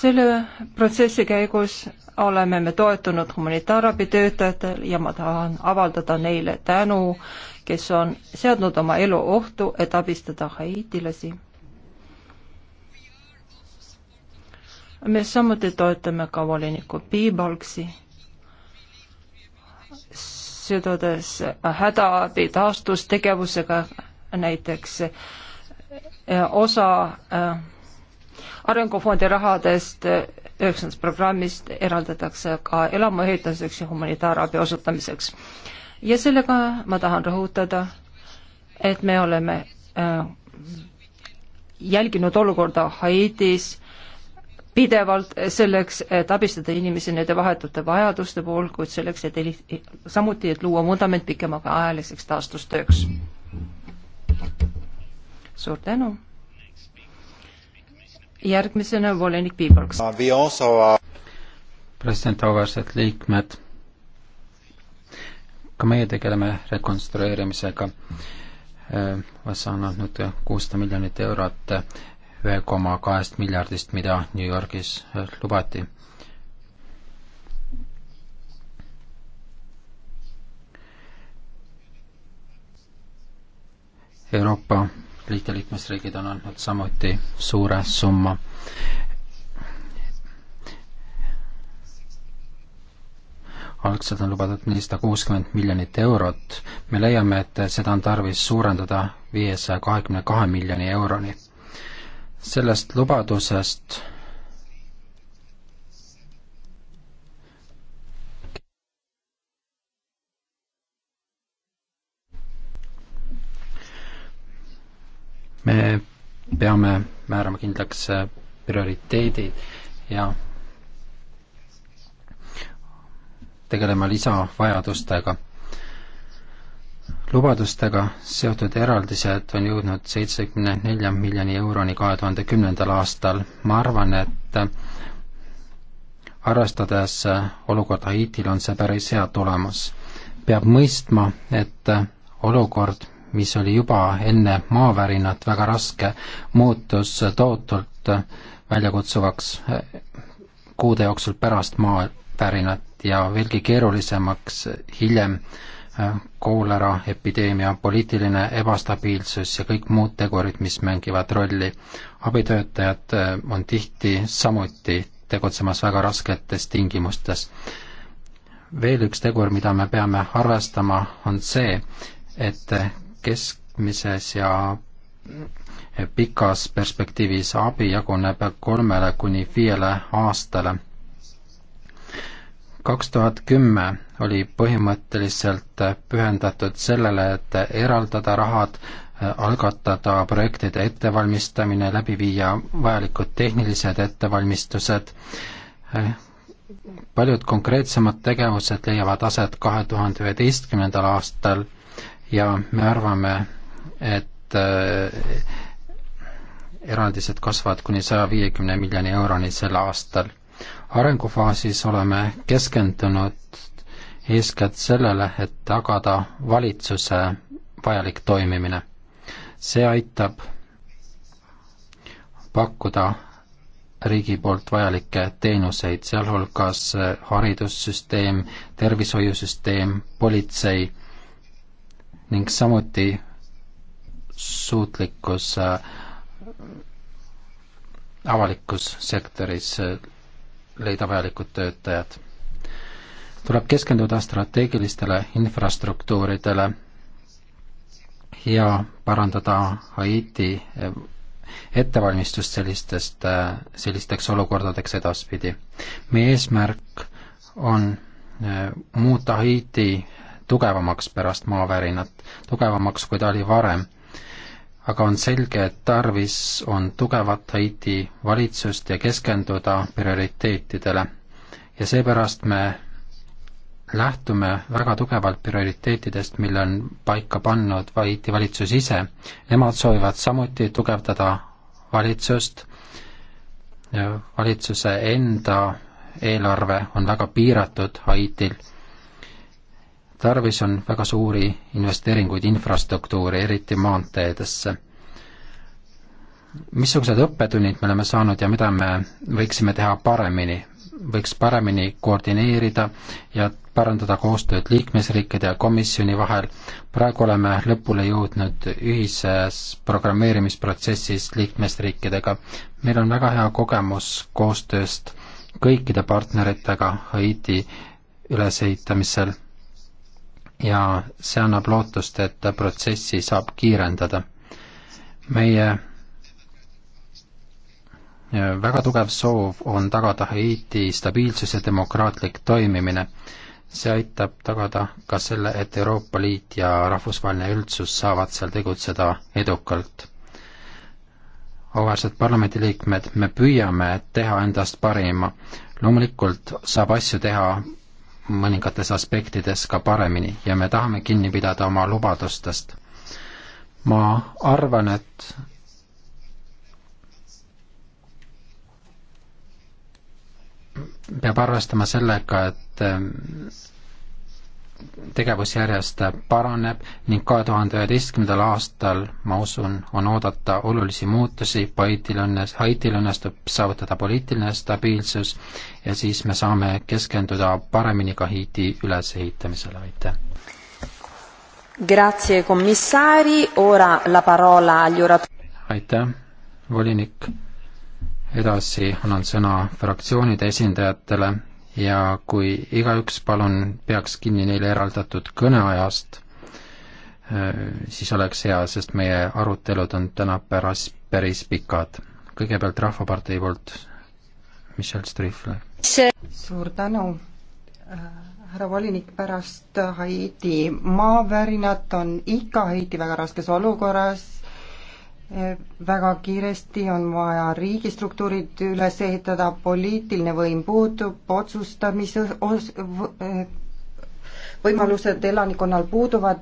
selle protsessi käigus oleme me toetunud humanitaarabitöötajatel ja ma tahan avaldada neile tänu, kes on seadnud oma elu ohtu, et abistada haiitilasi. me samuti toetame ka voliniku Piibalksi, sidudes hädaabi taastustegevusega näiteks eh, osa äh, arengufondi rahadest üheksandast programmist eraldatakse ka elamu ehituseks ja humanitaarabi osutamiseks. ja sellega ma tahan rõhutada, et me oleme äh, jälginud olukorda Haitis pidevalt selleks, et abistada inimesi nende vahetute vajaduste puhul, kuid selleks, et eli-, samuti, et luua vundament pikemaajaliseks taastustööks. suur tänu! järgmisena volinik Piibalks. president, auväärsed liikmed, ka meie tegeleme rekonstrueerimisega. Vassa äh, on andnud kuussada miljonit eurot äh, ühe koma kahest miljardist, mida New Yorgis äh, lubati Euroopa Liidu liikmesriigid on andnud samuti suure summa. algselt on lubatud nelisada kuuskümmend miljonit eurot, me leiame, et seda on tarvis suurendada viiesaja kahekümne kahe miljoni euroni. sellest lubadusest me peame määrama kindlaks äh, prioriteedid ja tegelema lisavajadustega. lubadustega seotud eraldised on jõudnud seitsekümne nelja miljoni euroni kahe tuhande kümnendal aastal. ma arvan, et arvestades olukorda Haitil, on see päris hea tulemus. peab mõistma, et olukord, mis oli juba enne maavärinat väga raske, muutus tohutult väljakutsuvaks eh, kuude jooksul pärast maavärinat ja veelgi keerulisemaks hiljem eh, koolera epideemia, poliitiline ebastabiilsus ja kõik muud tegurid, mis mängivad rolli. abitöötajad eh, on tihti samuti tegutsemas väga rasketes tingimustes. veel üks tegur, mida me peame arvestama, on see, et keskmises ja pikas perspektiivis abi jaguneb kolmele kuni viiele aastale. kaks tuhat kümme oli põhimõtteliselt pühendatud sellele, et eraldada rahad, algatada projektide ettevalmistamine, läbi viia vajalikud tehnilised ettevalmistused, paljud konkreetsemad tegevused leiavad aset kahe tuhande üheteistkümnendal aastal ja me arvame, et äh, eraldised kasvavad kuni saja viiekümne miljoni euroni sel aastal. arengufaasis oleme keskendunud eeskätt sellele, et tagada valitsuse vajalik toimimine. see aitab pakkuda riigi poolt vajalikke teenuseid, sealhulgas äh, haridussüsteem, tervishoiusüsteem, politsei ning samuti suutlikkus äh, avalikus sektoris äh, leida vajalikud töötajad. tuleb keskenduda strateegilistele infrastruktuuridele ja parandada Haiti äh, ettevalmistust sellistest, sellisteks olukordadeks edaspidi. meie eesmärk on muuta Haiti tugevamaks pärast maavärinat, tugevamaks, kui ta oli varem. aga on selge, et tarvis on tugevat Haiti valitsust ja keskenduda prioriteetidele. ja seepärast me lähtume väga tugevalt prioriteetidest, mille on paika pannud Haiti valitsus ise. Nemad soovivad samuti tugevdada valitsust, valitsuse enda eelarve on väga piiratud Haitil tarvis on väga suuri investeeringuid infrastruktuuri, eriti maanteedesse. missugused õppetunnid me oleme saanud ja mida me võiksime teha paremini? võiks paremini koordineerida ja parandada koostööd liikmesriikide ja komisjoni vahel. praegu oleme lõpule jõudnud ühises programmeerimisprotsessis liikmesriikidega. meil on väga hea kogemus koostööst kõikide partneritega Haiti ülesehitamisel ja see annab lootust, et protsessi saab kiirendada. meie äh, väga tugev soov on tagada Haiti stabiilsus ja demokraatlik toimimine. see aitab tagada ka selle, et Euroopa Liit ja rahvusvaheline üldsus saavad seal tegutseda edukalt. auväärsed parlamendiliikmed, me püüame teha endast parima. loomulikult saab asju teha mõningates aspektides ka paremini ja me tahame kinni pidada oma lubadustest. ma arvan, et peab arvestama sellega, et tegevus järjest paraneb ning kahe tuhande üheteistkümnendal aastal, ma usun, on oodata olulisi muutusi, Haitil õnnes-, Haitil õnnestub saavutada poliitiline stabiilsus ja siis me saame keskenduda paremini ka Haiti ülesehitamisele, aitäh! Grazie commissari, ora la parola agli orat-. aitäh, volinik! edasi annan sõna fraktsioonide esindajatele ja kui igaüks palun peaks kinni neile eraldatud kõneajast, äh, siis oleks hea, sest meie arutelud on täna pärast päris pikad. kõigepealt Rahvapartei poolt Michel Strifle. suur tänu, äh, härra volinik, pärast Haiti maavärinat on ikka Haiti väga raskes olukorras, väga kiiresti on vaja riigistruktuurid üles ehitada, poliitiline võim puudub, otsustamise os-, võimalused elanikkonnal puuduvad,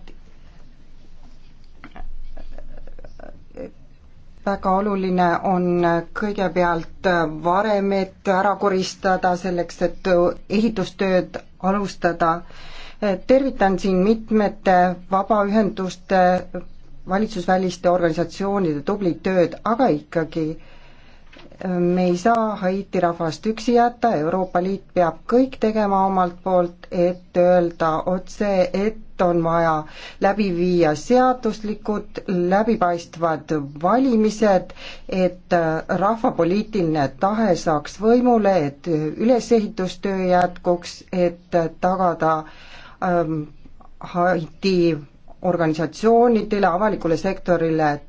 väga oluline on kõigepealt varemed ära koristada selleks, et ehitustööd alustada. tervitan siin mitmete vabaühenduste valitsusväliste organisatsioonide tublit tööd, aga ikkagi äh, me ei saa Haiti rahvast üksi jätta, Euroopa Liit peab kõik tegema omalt poolt, et öelda otse, et on vaja läbi viia seaduslikud, läbipaistvad valimised, et äh, rahva poliitiline tahe saaks võimule, et ülesehitustöö jätkuks, et tagada ähm, Haiti organisatsioonidele, avalikule sektorile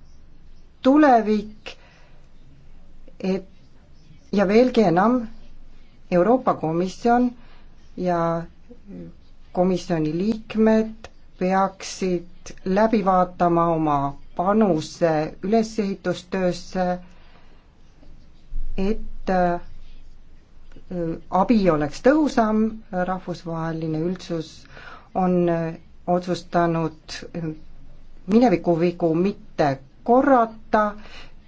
tulevik, et ja veelgi enam, Euroopa Komisjon ja komisjoni liikmed peaksid läbi vaatama oma panuse ülesehitustöösse, et äh, abi oleks tõhusam, rahvusvaheline üldsus on äh, otsustanud minevikuvigu mitte korrata,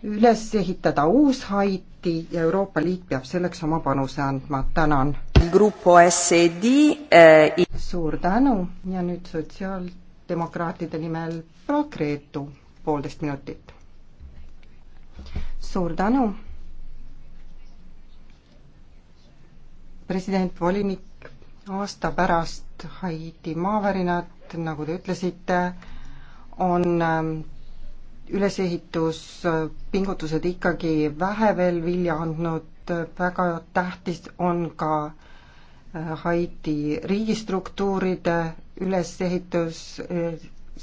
üles ehitada uus Haiti ja Euroopa Liit peab selleks oma panuse andma, tänan. E eh... suur tänu ja nüüd sotsiaaldemokraatide nimel proua Gretu, poolteist minutit. suur tänu. president, volinik, aasta pärast Haiti maavärinat et nagu te ütlesite, on ähm, üleseehituspingutused ikkagi vähe veel vilja andnud, väga tähtis on ka äh, Haiti riigistruktuuride ülesehitus, äh,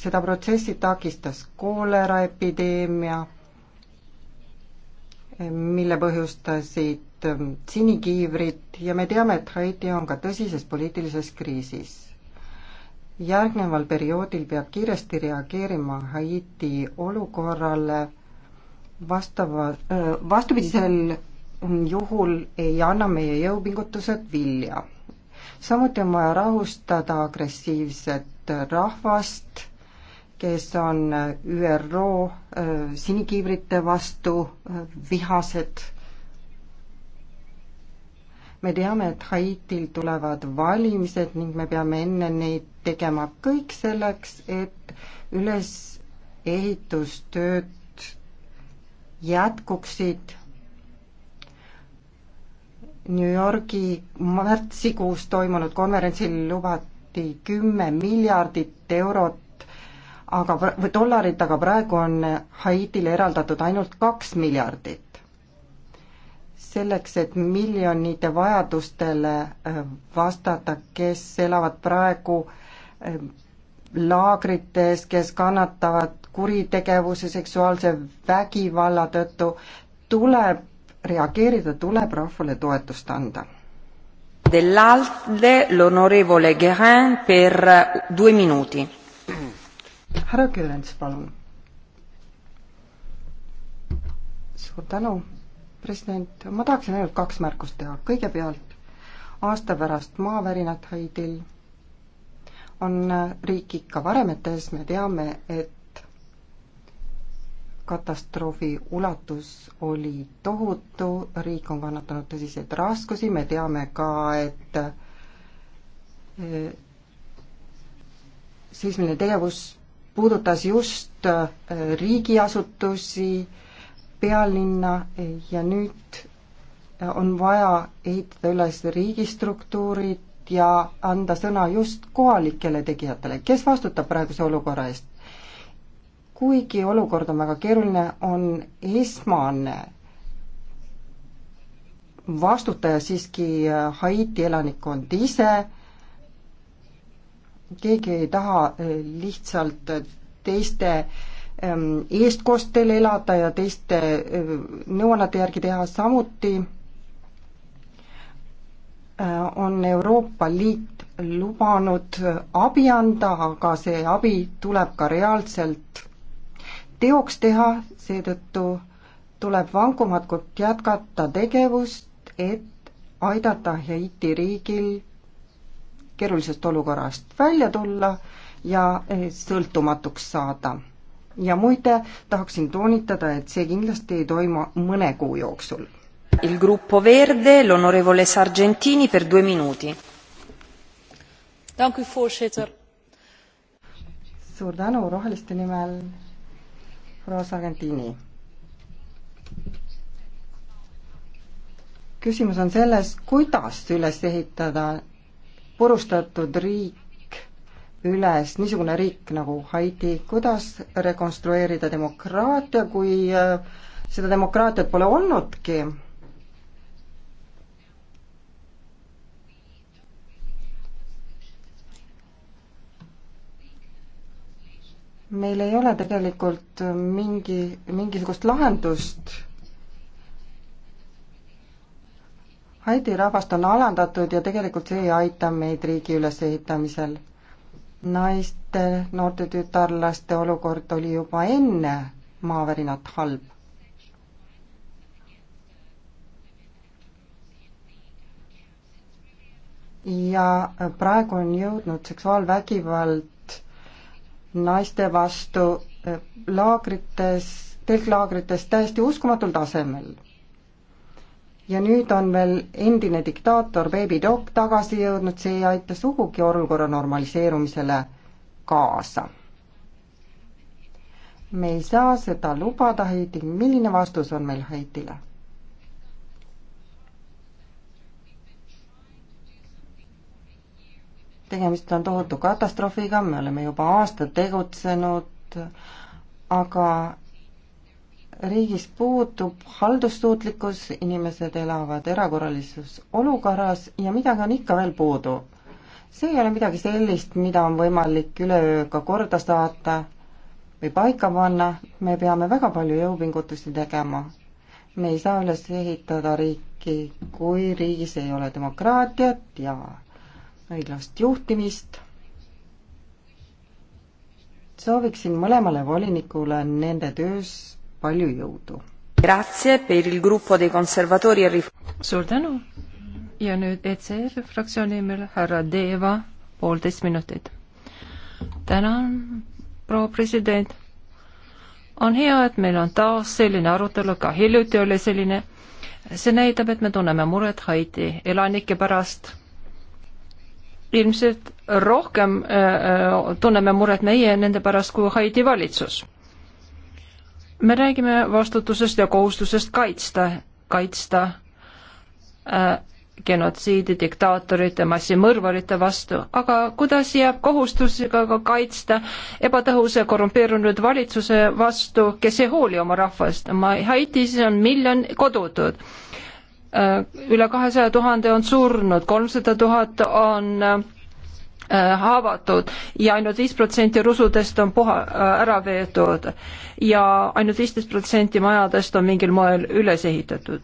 seda protsessi takistas kooleraepideemia, äh, mille põhjustasid ähm, sinikiivrid ja me teame, et Haiti on ka tõsises poliitilises kriisis järgneval perioodil peab kiiresti reageerima Haiti olukorrale, vastava, vastupidisel juhul ei anna meie jõupingutused vilja. samuti on vaja rahustada agressiivset rahvast, kes on ÜRO sinikiivrite vastu vihased me teame, et Haitil tulevad valimised ning me peame enne neid tegema kõik selleks, et ülesehitustööd jätkuksid New Yorgi märtsikuus toimunud konverentsil lubati kümme miljardit eurot, aga, või dollarit, aga praegu on Haitile eraldatud ainult kaks miljardit selleks, et miljonite vajadustele äh, vastata, kes elavad praegu äh, laagrites, kes kannatavad kuritegevuse, seksuaalse vägivalla tõttu, tuleb reageerida, tuleb rahvale toetust anda. Dell'Alde l'onorevole Guérin per eh, due minuti. härra Kürents, palun. suur tänu president, ma tahaksin ainult kaks märkust teha, kõigepealt aasta pärast maavärinat Haitil on riik ikka varemetes, me teame, et katastroofi ulatus oli tohutu, riik on kannatanud tõsiseid raskusi, me teame ka, et eh, seismiline tegevus puudutas just eh, riigiasutusi, pealinna ja nüüd on vaja ehitada üles riigistruktuurid ja anda sõna just kohalikele tegijatele, kes vastutab praeguse olukorra eest. kuigi olukord on väga keeruline, on esmane vastutaja siiski Haiti elanikkond ise, keegi ei taha lihtsalt teiste äh, Ähm, eestkostel elada ja teiste äh, nõuannete järgi teha, samuti äh, on Euroopa Liit lubanud äh, abi anda, aga see abi tuleb ka reaalselt teoks teha, seetõttu tuleb vankumatult jätkata tegevust, et aidata Haiti riigil keerulisest olukorrast välja tulla ja sõltumatuks saada ja muide, tahaksin toonitada, et see kindlasti ei toimu mõne kuu jooksul. Il gruppo Verde, l'onorevole Sargentini per due minuti. Dank u voorzitter. suur tänu roheliste nimel, proua Sargentini. küsimus on selles, kuidas üles ehitada purustatud riik üles niisugune riik nagu Haiti, kuidas rekonstrueerida demokraatia, kui äh, seda demokraatiat pole olnudki? meil ei ole tegelikult mingi, mingisugust lahendust. Haiti rahvast on alandatud ja tegelikult see ei aita meid riigi ülesehitamisel naiste, noorte tütarlaste olukord oli juba enne maavärinat halb. ja praegu on jõudnud seksuaalvägivald naiste vastu eh, laagrites, telklaagrites täiesti uskumatul tasemel ja nüüd on veel endine diktaator Baby Doc tagasi jõudnud, see ei aita sugugi olukorra normaliseerumisele kaasa. me ei saa seda lubada Haitil, milline vastus on meil Haitile? tegemist on tohutu katastroofiga, me oleme juba aasta tegutsenud, aga riigis puutub haldussuutlikkus, inimesed elavad erakorralises olukorras ja midagi on ikka veel puudu. see ei ole midagi sellist, mida on võimalik üleööga korda saata või paika panna, me peame väga palju jõupingutusi tegema. me ei saa üles ehitada riiki, kui riigis ei ole demokraatiat ja õiglast juhtimist. sooviksin mõlemale volinikule nende töös palju jõudu! E suur tänu ja nüüd ECR fraktsiooni nimel härra Deva, poolteist minutit. tänan, proua president. on hea, et meil on taas selline arutelu, ka hiljuti oli selline. see näitab, et me tunneme muret Haiti elanike pärast ilmselt rohkem äh, äh tunneme muret meie nende pärast kui Haiti valitsus me räägime vastutusest ja kohustusest kaitsta, kaitsta äh, genotsiidi, diktaatorite, massimõrvarite vastu, aga kuidas jääb kohustusega ka kaitsta ebatõhuse korrumpeerunud valitsuse vastu, kes ei hooli oma rahvast, ma, Haitis on miljon kodutut äh,, üle kahesaja tuhande on surnud, kolmsada tuhat on äh, Äh, haavatud ja ainult viis protsenti rusudest on puha, äh, ära veetud ja ainult viisteist protsenti majadest on mingil moel üles ehitatud.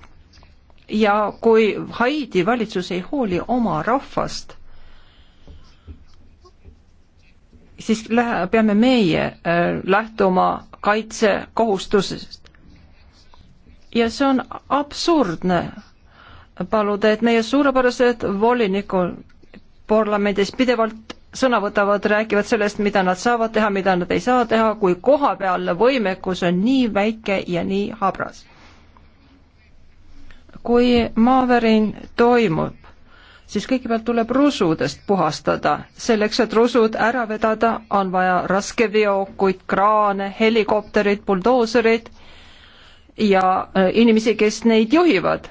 ja kui Haiti valitsus ei hooli oma rahvast, siis lähe, peame meie äh, lähtuma kaitsekohustusest. ja see on absurdne paluda, et meie suurepärased volinikud parlamendis pidevalt sõna võtavad, räägivad sellest, mida nad saavad teha, mida nad ei saa teha, kui kohapealne võimekus on nii väike ja nii habras. kui maavärin toimub, siis kõigepealt tuleb rusudest puhastada. selleks, et rusud ära vedada, on vaja raskeveokuid, kraane, helikoptereid, buldoosereid ja äh, inimesi, kes neid juhivad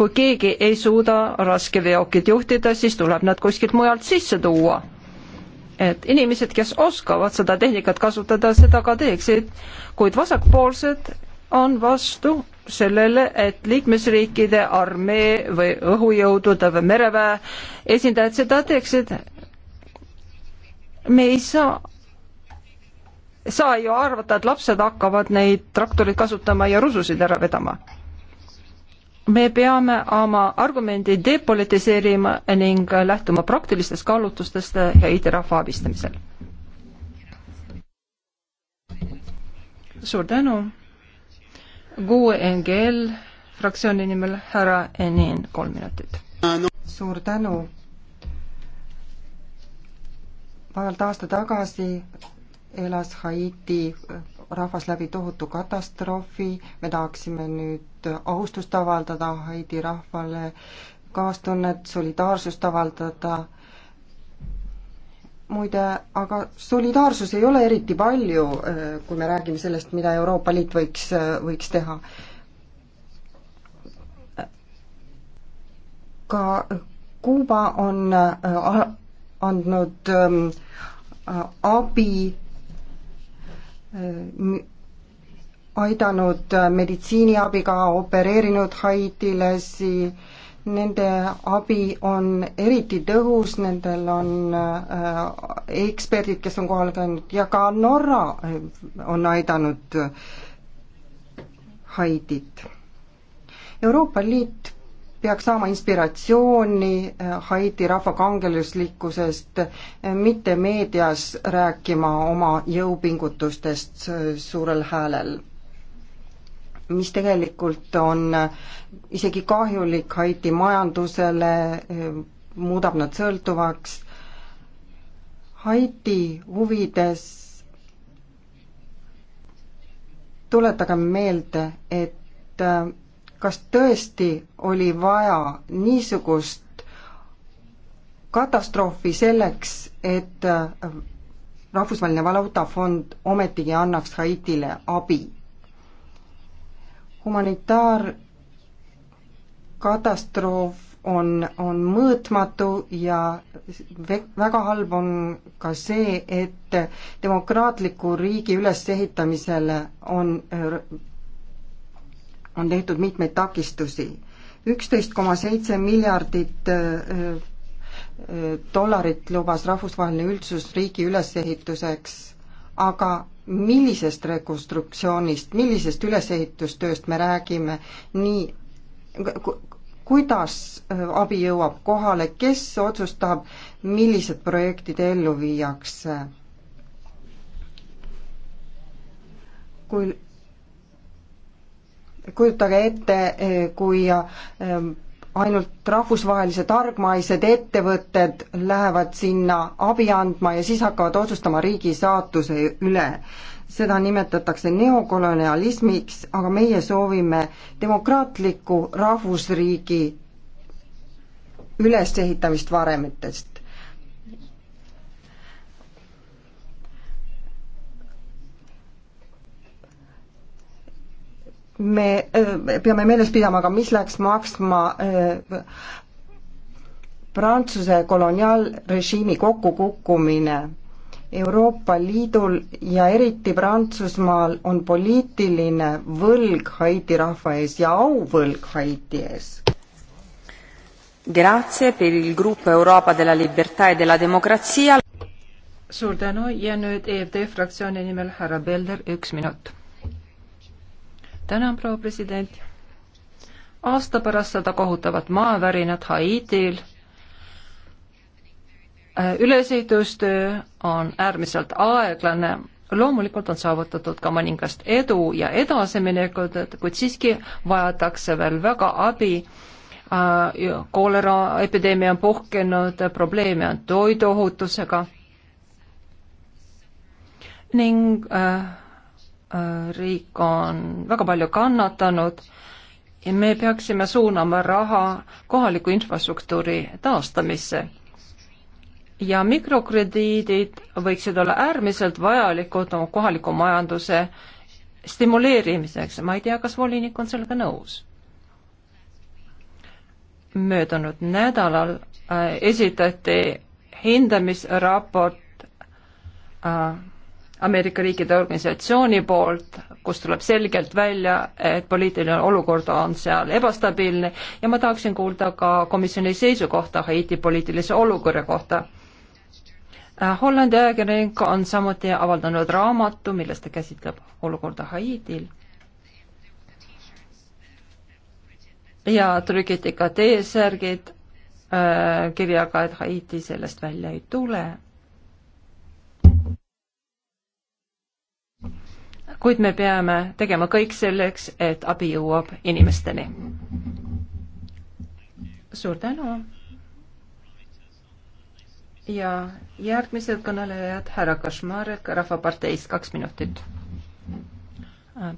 kui keegi ei suuda raskeveokit juhtida, siis tuleb nad kuskilt mujalt sisse tuua. et inimesed, kes oskavad seda tehnikat kasutada, seda ka teeksid, kuid vasakpoolsed on vastu sellele, et liikmesriikide armee või õhujõudude või mereväe esindajad seda teeksid. me ei saa saa ju arvata, et lapsed hakkavad neid traktoreid kasutama ja rususid ära vedama me peame oma argumendi depolitiseerima ning lähtuma praktilistest kaalutlustest Haiti rahva abistamisel. suur tänu. GUE-NGL fraktsiooni nimel härra Enin, kolm minutit. suur tänu. vaevalt aasta tagasi elas Haiti rahvas läbi tohutu katastroofi, me tahaksime nüüd austust avaldada Haidi rahvale, kaastunnet, solidaarsust avaldada. muide, aga solidaarsus ei ole eriti palju, eh, kui me räägime sellest, mida Euroopa Liit võiks, eh, võiks teha. ka Kuuba on eh, andnud abi aidanud meditsiiniabiga, opereerinud haitilasi, nende abi on eriti tõhus, nendel on äh, eksperdid, kes on kohal käinud ja ka Norra äh, on aidanud Haitit. Euroopa Liit peaks saama inspiratsiooni äh, Haiti rahva kangelaslikkusest, äh, mitte meedias rääkima oma jõupingutustest suurel häälel. mis tegelikult on äh, isegi kahjulik Haiti majandusele, muudab nad sõltuvaks. Haiti huvides tuletagem meelde, et kas tõesti oli vaja niisugust katastroofi selleks, et äh, rahvusvaheline valuutafond ometigi annaks Haitile abi. humanitaarkatastroof on, on mõõtmatu ja väga halb on ka see, et demokraatliku riigi ülesehitamisele on on tehtud mitmeid takistusi. üksteist koma seitse miljardit äh, äh, dollarit lubas rahvusvaheline üldsus riigi ülesehituseks, aga millisest rekonstruktsioonist, millisest ülesehitustööst me räägime, nii kuidas äh, abi jõuab kohale, kes otsustab, millised projektid ellu viiakse? kui kujutage ette, eh, kui eh, ainult rahvusvahelised argmaised ettevõtted lähevad sinna abi andma ja siis hakkavad otsustama riigi saatuse üle. seda nimetatakse neokolonialismiks, aga meie soovime demokraatliku rahvusriigi ülesehitamist varemetest. me peame meeles pidama ka, mis läks maksma Prantsuse koloniaalrežiimi kokkukukkumine. Euroopa Liidul ja eriti Prantsusmaal on poliitiline võlg Haiti rahva ees ja auvõlg Haiti ees. Grazie per il gruppo Euroopa della Libertà e della Democrazia. suur tänu ja nüüd EFD fraktsiooni nimel härra Belder, üks minut tänan, proua president. aasta pärast seda kohutavat maavärinat Haitil äh, ülesehitustöö on äärmiselt aeglane, loomulikult on saavutatud ka mõningast edu ja edasiminekut, kuid siiski vajatakse veel väga abi äh,, kooleraepideemia on puhkenud, probleeme on toiduohutusega ning äh, Äh, riik on väga palju kannatanud ja me peaksime suunama raha kohaliku infrastruktuuri taastamisse. ja mikrokrediidid võiksid olla äärmiselt vajalikud no, kohaliku majanduse stimuleerimiseks, ma ei tea, kas volinik on sellega nõus. möödunud nädalal äh, esitati hindamisraport äh, Ameerika riikide organisatsiooni poolt, kus tuleb selgelt välja, et poliitiline olukord on seal ebastabiilne ja ma tahaksin kuulda ka komisjoni seisukohta Haiti poliitilise olukorra kohta. Äh, Hollandi ajakirjanik on samuti avaldanud raamatu, milles ta käsitleb olukorda Haitil. ja trükiti ka T-särgid äh, kirjaga, et Haiti sellest välja ei tule kuid me peame tegema kõik selleks, et abi jõuab inimesteni. suur tänu. ja järgmised kõnelejad, härra Kašmarek Rahvaparteist, kaks minutit.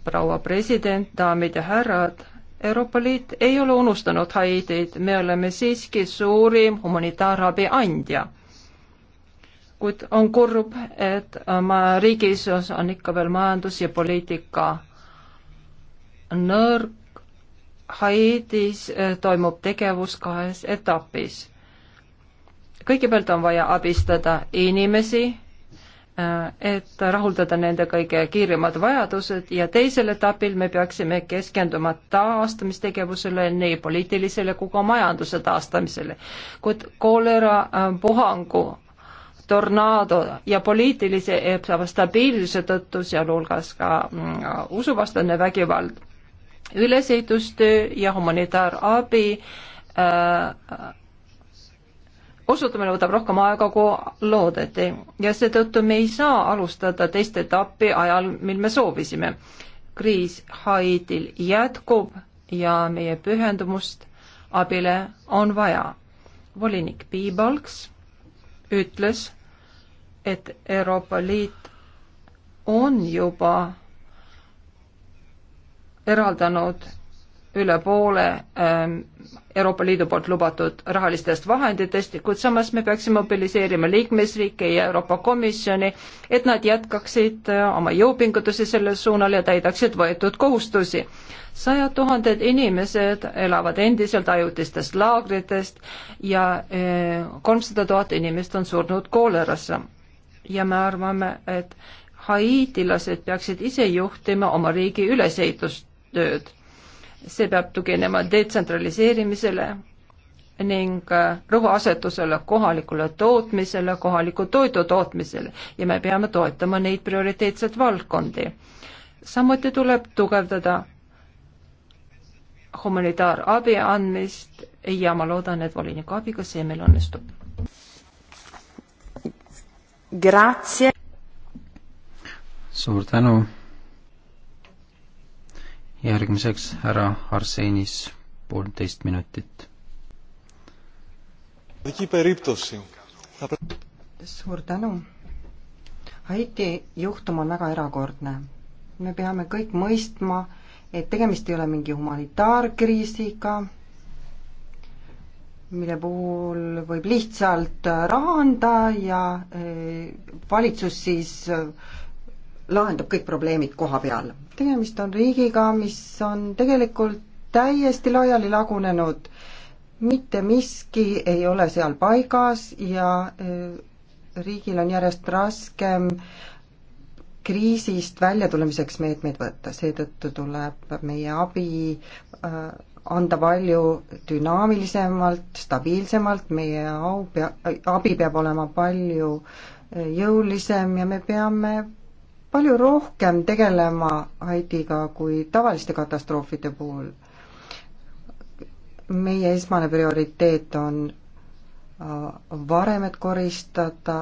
proua president, daamid ja härrad Euroopa Liit ei ole unustanud Haitit, me oleme siiski suurim humanitaarabi andja kuid on kurb, et oma riigis on ikka veel majandus ja poliitika nõrk. Haitis eh, toimub tegevus kahes etapis. kõigepealt on vaja abistada inimesi, eh, et rahuldada nende kõige kiiremad vajadused ja teisel etapil me peaksime keskenduma taastamistegevusele, nii poliitilisele kui ka majanduse taastamisele. kuid koolera eh, puhangu tornaado ja poliitilise ebastabiilsuse tõttu, sealhulgas ka mm, usuvastane vägivald, ülesehitustöö ja humanitaarabi äh, osutamine võtab rohkem aega, kui loodeti ja seetõttu me ei saa alustada teist etappi ajal, mil me soovisime. kriis Haitil jätkub ja meie pühendumust abile on vaja. volinik Piibalks ütles, et Euroopa Liit on juba eraldanud üle poole ähm, Euroopa Liidu poolt lubatud rahalistest vahenditest, kuid samas me peaksime mobiliseerima liikmesriike ja Euroopa Komisjoni, et nad jätkaksid äh, oma jõupingutusi sellel suunal ja täidaksid võetud kohustusi. sajad tuhanded inimesed elavad endiselt ajutistest laagritest ja äh, kolmsada tuhat inimest on surnud koolerasse. ja me arvame, et haiitilased peaksid ise juhtima oma riigi ülesehitustööd see peab tuginema detsentraliseerimisele ning äh, rõhuasetusele kohalikule tootmisele, kohaliku toidu tootmisele ja me peame toetama neid prioriteetseid valdkondi. samuti tuleb tugevdada humanitaarabi andmist ja ma loodan, et voliniku abiga see meil õnnestub. suur tänu järgmiseks härra Arsenis poolteist minutit. suur tänu. Haiti juhtum on väga erakordne. me peame kõik mõistma, et tegemist ei ole mingi humanitaarkriisiga, mille puhul võib lihtsalt raha anda ja eh, valitsus siis äh, lahendab kõik probleemid koha peal. tegemist on riigiga, mis on tegelikult täiesti laiali lagunenud, mitte miski ei ole seal paigas ja äh, riigil on järjest raskem kriisist väljatulemiseks meetmeid võtta, seetõttu tuleb meie abi äh, anda palju dünaamilisemalt, stabiilsemalt, meie au pea, äh, abi peab olema palju jõulisem ja me peame palju rohkem tegelema Haitiga kui tavaliste katastroofide puhul. meie esmane prioriteet on äh, varemed koristada,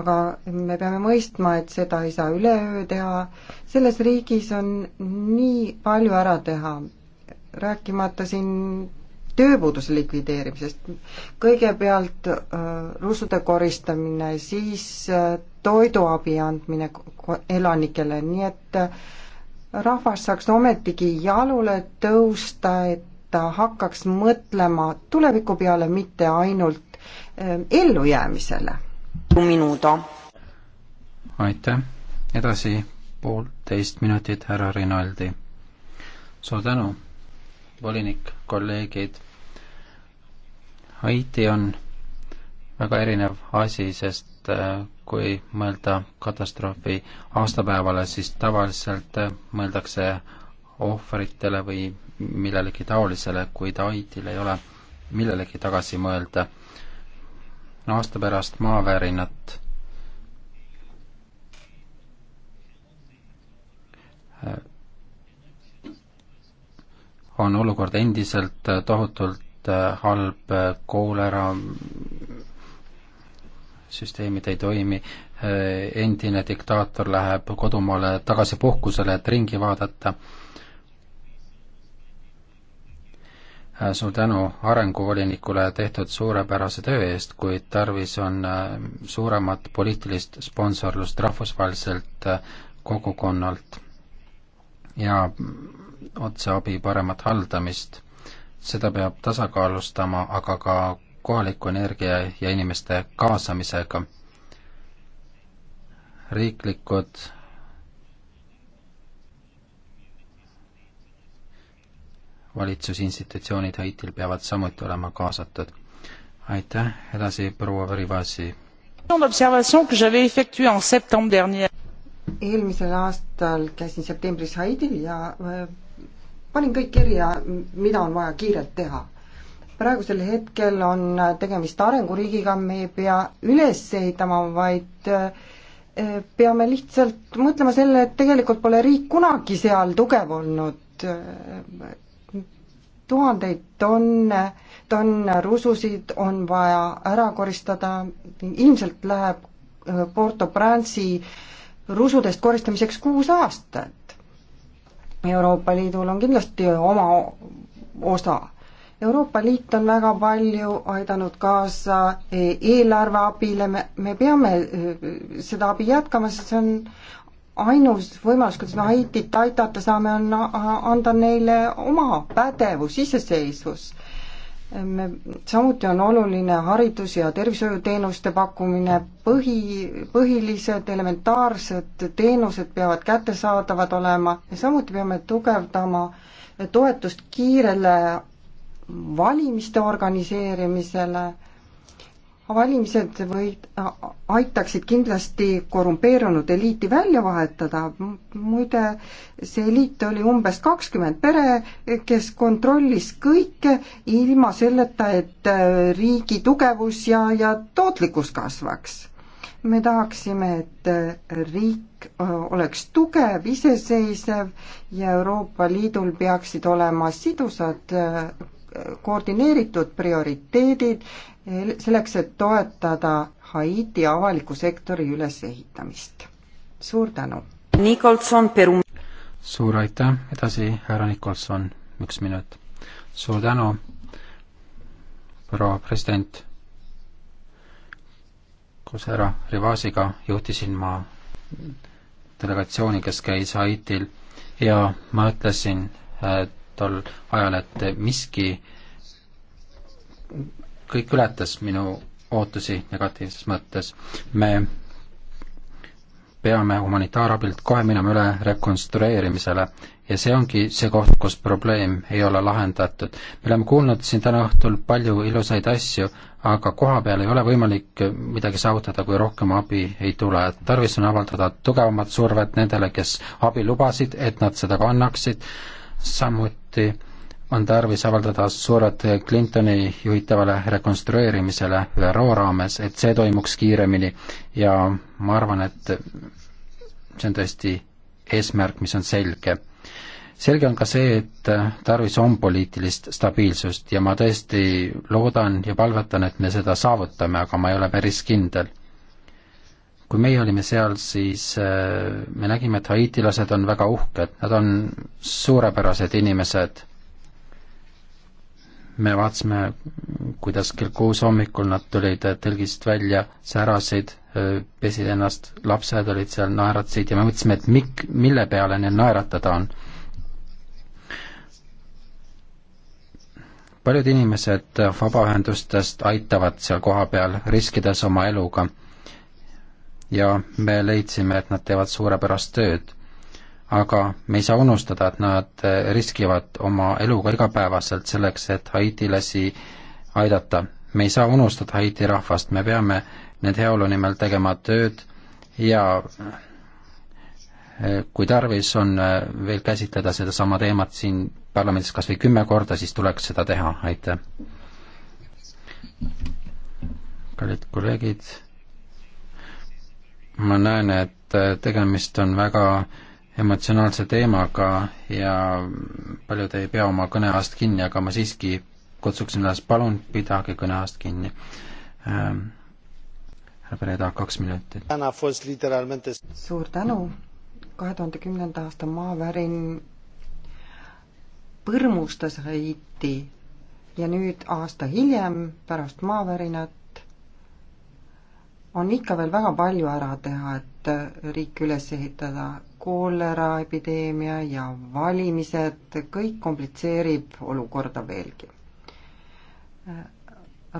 aga me peame mõistma, et seda ei saa üleöö teha. selles riigis on nii palju ära teha, rääkimata siin tööpuuduse likvideerimisest. kõigepealt äh, russude koristamine, siis äh, toiduabi andmine elanikele, nii et äh, rahvas saaks ometigi jalule tõusta, et ta hakkaks mõtlema tuleviku peale, mitte ainult ellujäämisele. minuto. aitäh, edasi poolteist minutit, härra Rinaldi. suur tänu volinik, kolleegid. Haiti on väga erinev asi, sest äh, kui mõelda katastroofi aastapäevale, siis tavaliselt äh, mõeldakse ohvritele või millelegi taolisele, kuid Haitil ei ole millelegi tagasi mõelda. aasta pärast maavärinat äh, on olukord endiselt äh, tohutult äh, halb, äh, koolera süsteemid ei toimi, endine diktaator läheb kodumaale tagasi puhkusele, et ringi vaadata. suur tänu arenguvolinikule tehtud suurepärase töö eest, kuid tarvis on suuremat poliitilist sponsorlust rahvusvaheliselt kogukonnalt ja otseabi paremat haldamist. seda peab tasakaalustama aga ka kohaliku energia ja inimeste kaasamisega. riiklikud valitsusinstitutsioonid Haitil peavad samuti olema kaasatud. aitäh, edasi proua Rivasi. eelmisel aastal käisin septembris Haidil ja äh, panin kõik kirja, mida on vaja kiirelt teha. praegusel hetkel on tegemist arenguriigiga, me ei pea üles ehitama, vaid eh, peame lihtsalt mõtlema selle, et tegelikult pole riik kunagi seal tugev olnud. tuhandeid tonne, tonne rususid on vaja ära koristada, ilmselt läheb eh, Porto Prantsi rusudest koristamiseks kuus aastat Euroopa Liidul on kindlasti oma osa. Euroopa Liit on väga palju aidanud kaasa eelarveabile, me, me peame eh, seda abi jätkama, sest see on ainus võimalus, kuidas me Haitit aidata saame, on eh, anda neile oma pädevus, iseseisvus me, samuti on oluline haridus- ja tervishoiuteenuste pakkumine, põhi, põhilised elementaarsed teenused peavad kättesaadavad olema ja samuti peame tugevdama toetust kiirele valimiste organiseerimisele valimised võid, aitaksid kindlasti korrumpeerunud eliiti välja vahetada, muide see eliit oli umbes kakskümmend pere, kes kontrollis kõike ilma selleta, et äh, riigi tugevus ja, ja tootlikkus kasvaks me tahaksime, et äh, riik äh, oleks tugev, iseseisev ja Euroopa Liidul peaksid olema sidusad koordineeritud prioriteedid, selleks, et toetada Haiti avaliku sektori ülesehitamist. suur tänu! Nikolson, Peru. suur aitäh, edasi härra Nikolson, üks minut. suur tänu, proua president. koos härra Rivasiga juhtisin ma delegatsiooni, kes käis Haitil ja ma ütlesin äh, tol ajal, et miski kõik ületas minu ootusi negatiivses mõttes. me peame humanitaarabilt kohe minema üle rekonstrueerimisele ja see ongi see koht, kus probleem ei ole lahendatud. me oleme kuulnud siin täna õhtul palju ilusaid asju, aga koha peal ei ole võimalik midagi saavutada, kui rohkem abi ei tule. tarvis on avaldada tugevamat survet nendele, kes abi lubasid, et nad seda ka annaksid, samuti äh, on tarvis avaldada survet Clintoni juhitavale rekonstrueerimisele ÜRO raames, et see toimuks kiiremini ja ma arvan, et see on tõesti eesmärk, mis on selge. selge on ka see, et tarvis on poliitilist stabiilsust ja ma tõesti loodan ja palvetan, et me seda saavutame, aga ma ei ole päris kindel. kui meie olime seal, siis äh, me nägime, et haitilased on väga uhked, nad on suurepärased inimesed me vaatasime, kuidas kell kuus hommikul nad tulid telgist välja, särasid, pesid ennast, lapsed olid seal, naeratasid ja me mõtlesime, et mik-, mille peale neil naeratada on. paljud inimesed vabaühendustest aitavad seal kohapeal, riskides oma eluga. ja me leidsime, et nad teevad suurepärast tööd aga me ei saa unustada, et nad äh, riskivad oma eluga igapäevaselt selleks, et haitilasi aidata. me ei saa unustada Haiti rahvast, me peame nende heaolu nimel tegema tööd ja äh, kui tarvis on äh, veel käsitleda sedasama teemat siin parlamendis kas või kümme korda, siis tuleks seda teha, aitäh. kallid kolleegid, ma näen, et tegemist on väga äh, emotsionaalse teemaga ja paljud ei pea oma kõneajast kinni, aga ma siiski kutsuksin üles, palun pidage kõneajast kinni ähm,. härra Pereda, kaks minutit. suur tänu, kahe tuhande kümnenda aasta maavärin põrmustas Haiti ja nüüd aasta hiljem pärast maavärinat on ikka veel väga palju ära teha, et äh, riik üles ehitada. koolera epideemia ja valimised, kõik komplitseerib olukorda veelgi. Äh,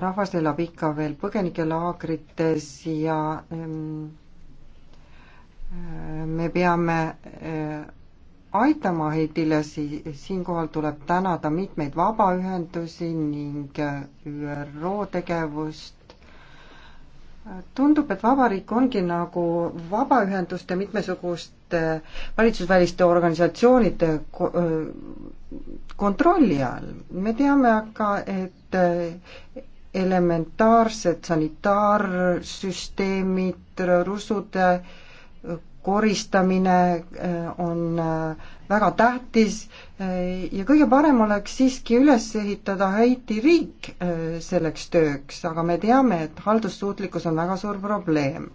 rahvas elab ikka veel põgenikelaagrites ja ähm, äh, me peame aitama Haidilasi, siinkohal tuleb tänada mitmeid vabaühendusi ning ÜRO tegevust, tundub, et vabariik ongi nagu vabaühenduste mitmesuguste valitsusväliste organisatsioonide kontrolli all. me teame aga, et äh, elementaarsed sanitaarsüsteemid, rusude äh, koristamine äh, on äh, väga tähtis äh, ja kõige parem oleks siiski üles ehitada Haiti riik selleks tööks, aga me teame, et haldussuutlikkus on väga suur probleem.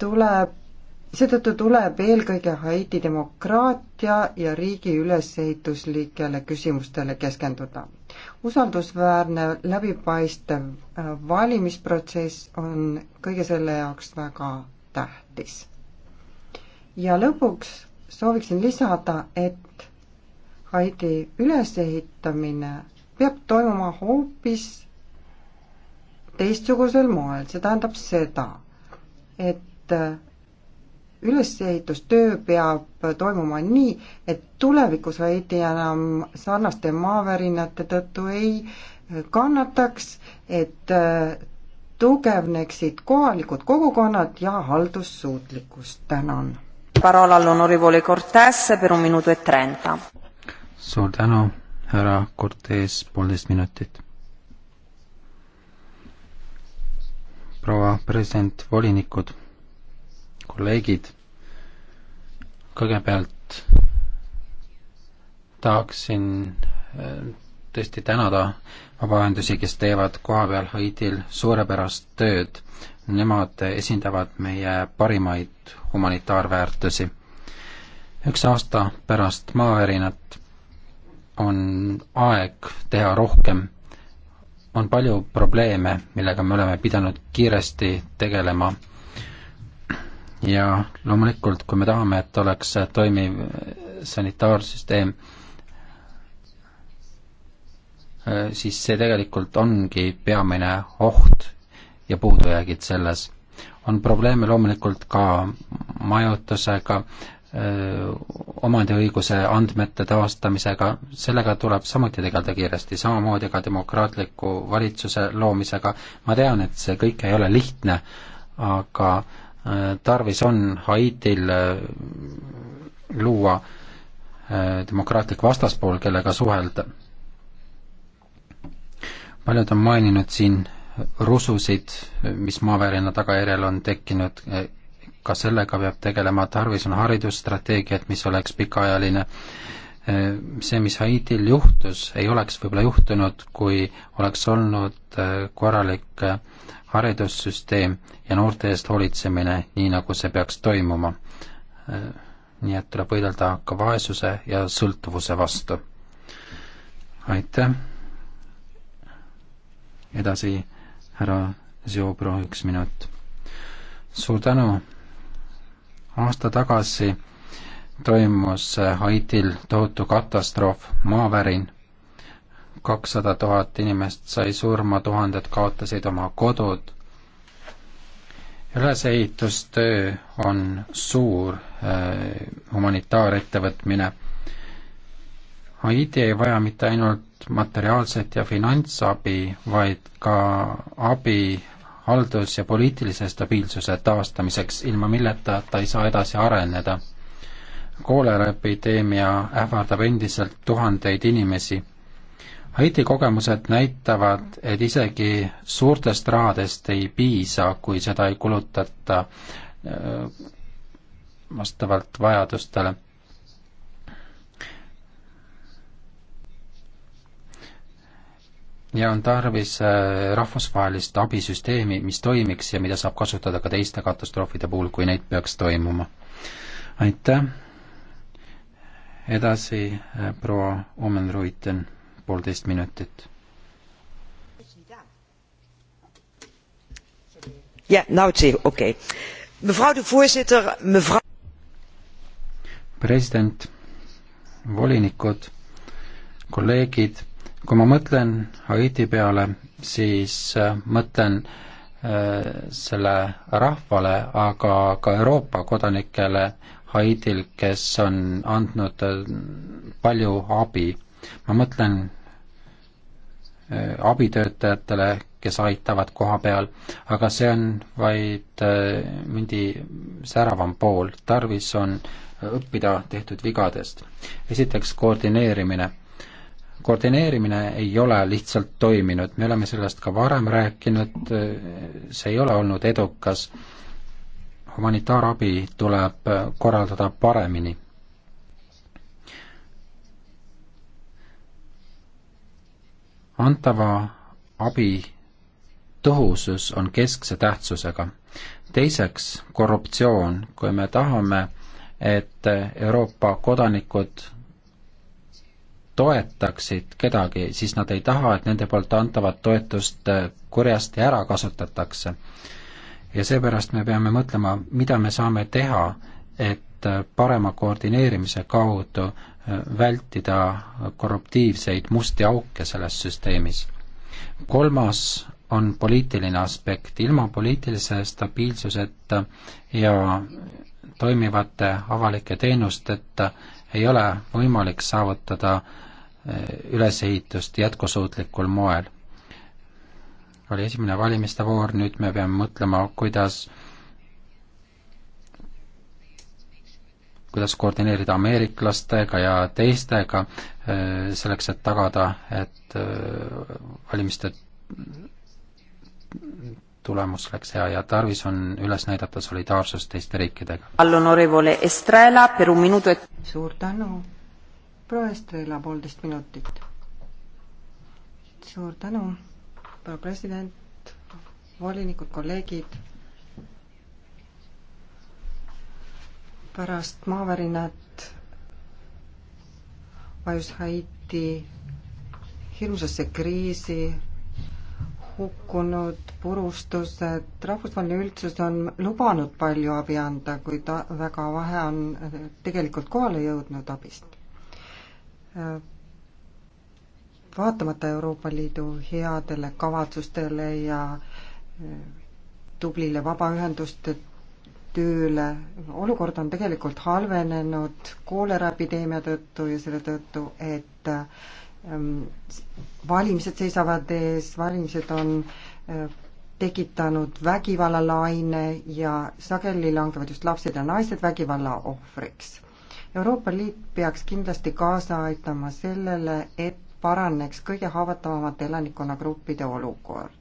tuleb, seetõttu tuleb eelkõige Haiti demokraatia ja riigi ülesehituslikele küsimustele keskenduda. usaldusväärne läbipaistev valimisprotsess on kõige selle jaoks väga tähtis. ja lõpuks sooviksin lisada, et Haidi ülesehitamine peab toimuma hoopis teistsugusel moel, see tähendab seda, et ülesehitustöö peab toimuma nii, et tulevikus Haiti enam sarnaste maavärinate tõttu ei kannataks, et tugevneksid kohalikud kogukonnad ja haldussuutlikkus. tänan. E suur tänu, härra Cortez, poolteist minutit. proua president, volinikud, kolleegid, kõigepealt tahaksin äh, tõesti tänada vabaühendusi, kes teevad kohapeal Haitil suurepärast tööd. Nemad esindavad meie parimaid humanitaarväärtusi. üks aasta pärast maavärinat on aeg teha rohkem. on palju probleeme, millega me oleme pidanud kiiresti tegelema ja loomulikult, kui me tahame, et oleks toimiv sanitaarsüsteem, Äh, siis see tegelikult ongi peamine oht ja puudujäägid selles. on probleeme loomulikult ka majutusega, äh, omandiõiguse andmete taastamisega, sellega tuleb samuti tegeleda kiiresti, samamoodi ka demokraatliku valitsuse loomisega, ma tean, et see kõik ei ole lihtne, aga äh, tarvis on Haitil luua demokraatlik vastaspool, kellega suhelda paljud on maininud siin rususid, mis maavärina tagajärjel on tekkinud, ka sellega peab tegelema, tarvis on haridusstrateegiat, mis oleks pikaajaline. see, mis Haitil juhtus, ei oleks võib-olla juhtunud, kui oleks olnud korralik haridussüsteem ja noorte eest hoolitsemine, nii nagu see peaks toimuma. nii et tuleb võidelda ka vaesuse ja sõltuvuse vastu. aitäh! edasi härra Ziobro, üks minut. suur tänu. aasta tagasi toimus äh, Haitil tohutu katastroof, maavärin. kakssada tuhat inimest sai surma, tuhanded kaotasid oma kodud. ülesehitustöö on suur äh, humanitaarettevõtmine Haiti ei vaja mitte ainult materiaalset ja finantsabi, vaid ka abi haldus- ja poliitilise stabiilsuse taastamiseks, ilma milleta ta ei saa edasi areneda. kooleraepideemia ähvardab endiselt tuhandeid inimesi. Haiti kogemused näitavad, et isegi suurtest rahadest ei piisa, kui seda ei kulutata äh, vastavalt vajadustele ja on tarvis äh, rahvusvahelist abisüsteemi, mis toimiks ja mida saab kasutada ka teiste katastroofide puhul, kui neid peaks toimuma. aitäh, edasi äh, proua Omen-Ruiten, poolteist minutit. jah, now it's okei okay.. Mevrouw de voorzitter, mevrouw president, volinikud, kolleegid kui ma mõtlen Haiti peale, siis äh, mõtlen äh, selle rahvale, aga ka Euroopa kodanikele Haitil, kes on andnud äh, palju abi. ma mõtlen abitöötajatele, kes aitavad koha peal, aga see on vaid mingi säravam pool, tarvis on õppida tehtud vigadest. esiteks koordineerimine koordineerimine ei ole lihtsalt toiminud, me oleme sellest ka varem rääkinud, see ei ole olnud edukas. humanitaarabi tuleb korraldada paremini. antava abi tõhusus on keskse tähtsusega. teiseks, korruptsioon, kui me tahame, et Euroopa kodanikud toetaksid kedagi, siis nad ei taha, et nende poolt antavat toetust äh, kurjasti ära kasutatakse. ja seepärast me peame mõtlema, mida me saame teha, et äh, parema koordineerimise kaudu äh, vältida korruptiivseid musti auke selles süsteemis. kolmas on poliitiline aspekt, ilma poliitilise stabiilsuseta ja toimivate avalike teenusteta ei ole võimalik saavutada eh, ülesehitust jätkusuutlikul moel. oli esimene valimiste voor, nüüd me peame mõtlema, kuidas kuidas koordineerida ameeriklastega ja teistega eh, selleks, et tagada, et eh, valimiste tulemus läks hea ja tarvis on üles näidata solidaarsust teiste riikidega. E- suur tänu, proua Estrela, poolteist minutit. suur tänu, proua president, volinikud, kolleegid pärast maavärinat vajus Haiti hirmsasse kriisi hukkunud, purustused, rahvusvaheline üldsus on lubanud palju abi anda, kuid väga vähe on tegelikult kohale jõudnud abist. vaatamata Euroopa Liidu headele kavatsustele ja eh, tublile vabaühenduste tööle. olukord on tegelikult halvenenud kooleraepideemia tõttu ja selle tõttu, et Ehm, valimised seisavad ees, valimised on eh, tekitanud vägivallalaine ja sageli langevad just lapsed ja naised vägivalla ohvriks. Euroopa Liit peaks kindlasti kaasa aitama sellele, et paraneks kõige haavatavamate elanikkonnagruppide olukord.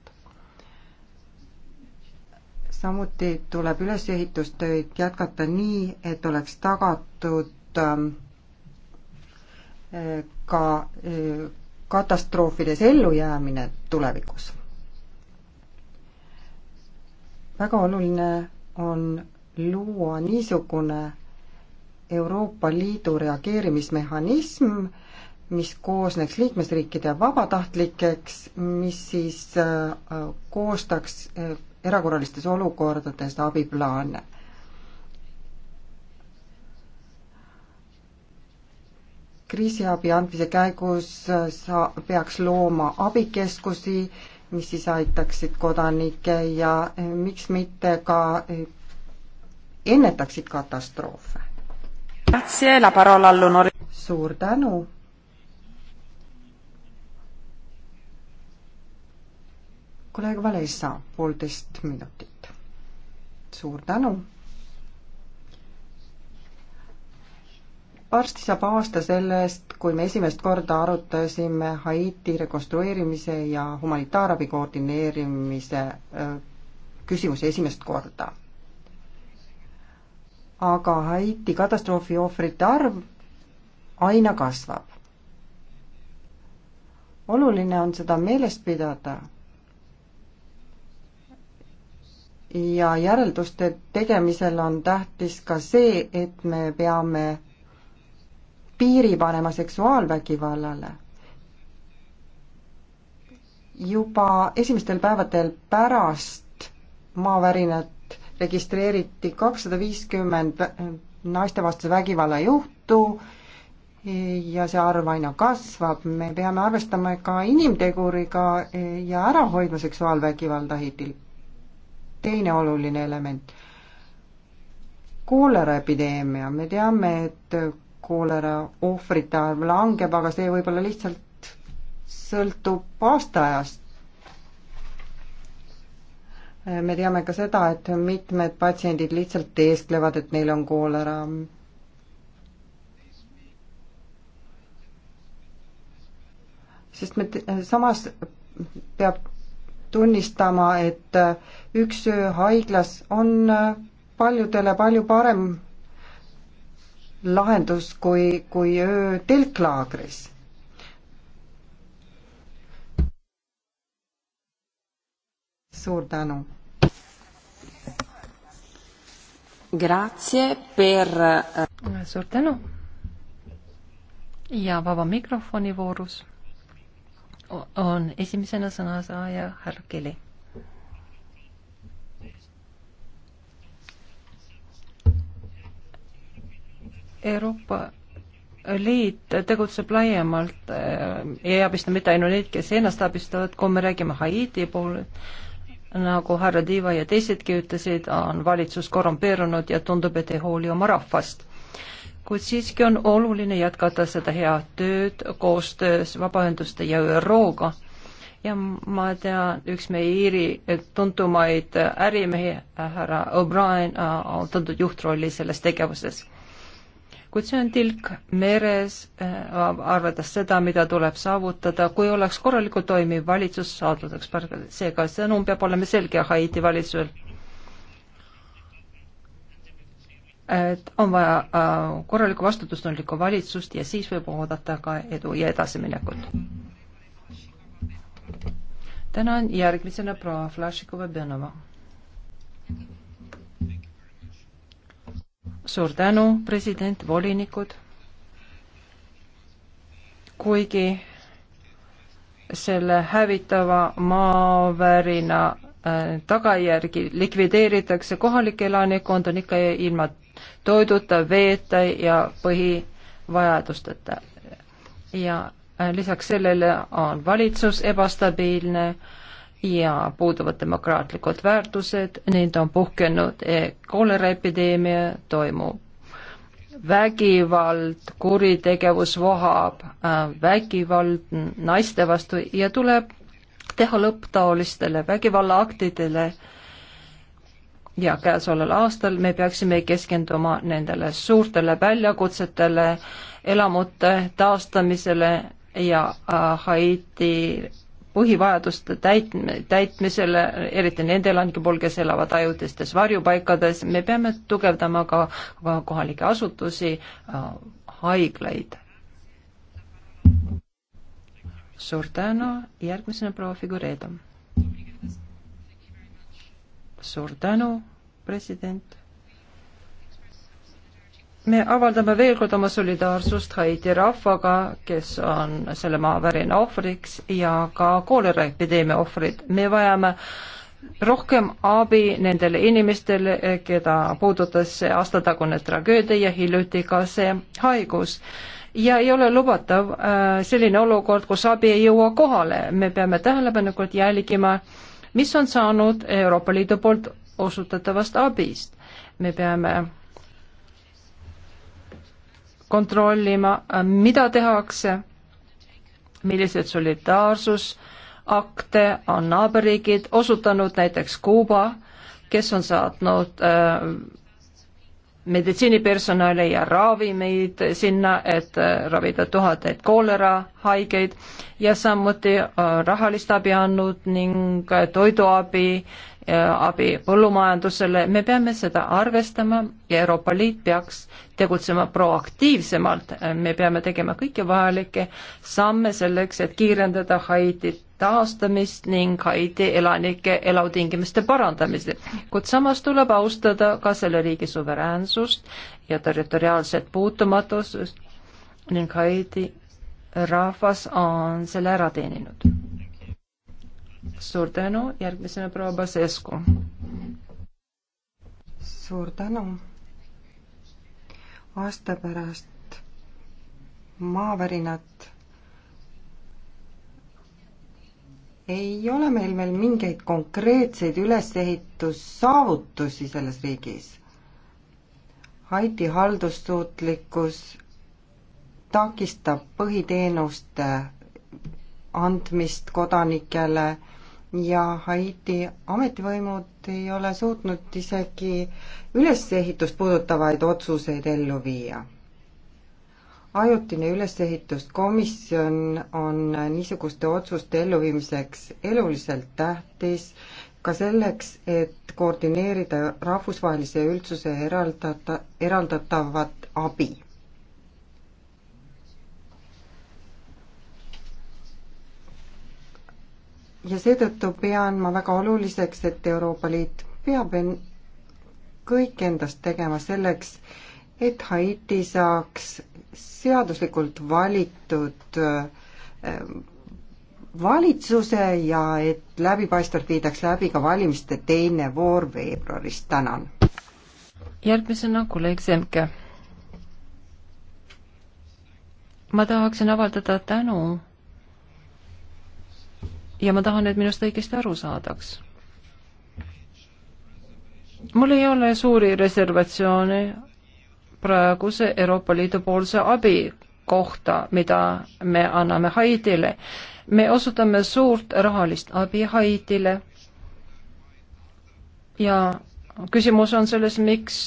samuti tuleb ülesehitustöid jätkata nii, et oleks tagatud ähm, ka katastroofides ellujäämine tulevikus. väga oluline on luua niisugune Euroopa Liidu reageerimismehhanism, mis koosneks liikmesriikide vabatahtlikeks, mis siis koostaks erakorralistes olukordades abiplaane kriisiabi andmise käigus äh, saa-, peaks looma abikeskusi, mis siis aitaksid kodanikke ja äh, miks mitte ka äh, ennetaksid katastroofe. suur tänu kolleeg Valesa, poolteist minutit. suur tänu varsti saab aasta sellest, kui me esimest korda arutasime Haiti rekonstrueerimise ja humanitaarabi koordineerimise küsimusi esimest korda. aga Haiti katastroofi ohvrite arv aina kasvab. oluline on seda meeles pidada ja järelduste tegemisel on tähtis ka see, et me peame piiri panema seksuaalvägivallale. juba esimestel päevadel pärast maavärinat registreeriti kakssada viiskümmend naistevastase vägivalla juhtu ja see arv aina kasvab, me peame arvestama ka inimteguriga ja ära hoidma seksuaalvägivalda Haitil. teine oluline element, kooleraepideemia, me teame, et koolera ohvrite arv langeb, aga see võib-olla lihtsalt sõltub aastaajast. me teame ka seda, et mitmed patsiendid lihtsalt teesklevad, et neil on koolera. sest me samas peab tunnistama, et üks öö haiglas on paljudele palju parem lahendus kui, kui öö telklaagris suur tänu. Grazie per. Eh, suur tänu. ja vaba mikrofoni voorus on esimesena sõnasaaja härra Kili Euroopa Liit tegutseb laiemalt äh, ja abistab mitte ainult neid, kes ennast abistavad, kui me räägime Haiti puhul, nagu härra Tiiva ja teisedki ütlesid, on valitsus korrumpeerunud ja tundub, et ei hooli oma rahvast kuid siiski on oluline jätkata seda head tööd koostöös vabaühenduste ja ÜRO-ga. ja ma tean, üks meie Iiri tuntumaid ärimehi, härra O'Brien, äh, on tuntud juhtrolli selles tegevuses kuid see on tilk meres, äh, arvates seda, mida tuleb saavutada, kui oleks korralikult toimiv valitsus, saadudeks pargad. seega sõnum peab olema selge Haiti valitsusel. et on vaja äh, korralikku vastutustundlikku valitsust ja siis võib oodata ka edu ja edasiminekut. tänan järgmisena proua Flašikova-Benova suur tänu, president, volinikud. kuigi selle hävitava maavärina äh, tagajärgi likvideeritakse kohalik elanikkond, on ikka ilma toiduta, veeta ja põhivajadusteta. ja äh, lisaks sellele on valitsus ebastabiilne ja puuduvad demokraatlikud väärtused, neid on puhkenud e kooleraepideemia, toimub vägivald, kuritegevus vohab, äh, vägivald naiste vastu ja tuleb teha lõpp taolistele vägivallaaktidele ja käesoleval aastal me peaksime keskenduma nendele suurtele väljakutsetele, elamute taastamisele ja äh, Haiti põhivajaduste täit-, täitmisele, eriti nende elanike pool, kes elavad ajutistes varjupaikades, me peame tugevdama ka, ka kohalikke asutusi, äh, haiglaid. suur tänu, järgmisena proua Figureedo. suur tänu, president me avaldame veel kord oma solidaarsust Haiti rahvaga, kes on selle maavärina ohvriks ja ka kooleraepideemia ohvrid. me vajame rohkem abi nendele inimestele, keda puudutas see aastatagune tragöödia ja hiljuti ka see haigus. ja ei ole lubatav äh, selline olukord, kus abi ei jõua kohale. me peame tähelepanelikult jälgima, mis on saanud Euroopa Liidu poolt osutatavast abist. me peame kontrollima, mida tehakse, millised solidaarsusakte on naaberriigid osutanud, näiteks Kuuba, kes on saatnud äh, meditsiinipersonali ja ravimeid sinna, et äh, ravida tuhandeid koolerahaigeid ja samuti äh, rahalist abi andnud ning äh, toiduabi abi põllumajandusele, me peame seda arvestama ja Euroopa Liit peaks tegutsema proaktiivsemalt, me peame tegema kõiki vajalikke samme selleks, et kiirendada Haiti taastamist ning Haiti elanike elutingimuste parandamist, kuid samas tuleb austada ka selle riigi suveräänsust ja territoriaalset puutumatust ning Haiti rahvas on selle ära teeninud suur tänu, järgmisena proua Basescu. suur tänu. aasta pärast maavärinat ei ole meil veel mingeid konkreetseid ülesehitussaavutust selles riigis. Haiti haldussuutlikkus takistab põhiteenuste andmist kodanikele ja Haiti ametivõimud ei ole suutnud isegi ülesehitust puudutavaid otsuseid ellu viia. ajutine ülesehituskomisjon on niisuguste otsuste elluviimiseks eluliselt tähtis, ka selleks, et koordineerida rahvusvahelise üldsuse eraldata, eraldatavat abi ja seetõttu pean ma väga oluliseks, et Euroopa Liit peab en-, kõik endast tegema selleks, et Haiti saaks seaduslikult valitud äh, valitsuse ja et läbipaistvalt viidaks läbi ka valimiste teine voor veebruaris, tänan. järgmisena kolleeg Semke. ma tahaksin avaldada tänu ja ma tahan, et minust õigesti aru saadaks. mul ei ole suuri reservatsioone praeguse Euroopa Liidu poolse abi kohta, mida me anname Haidile. me osutame suurt rahalist abi Haidile ja küsimus on selles, miks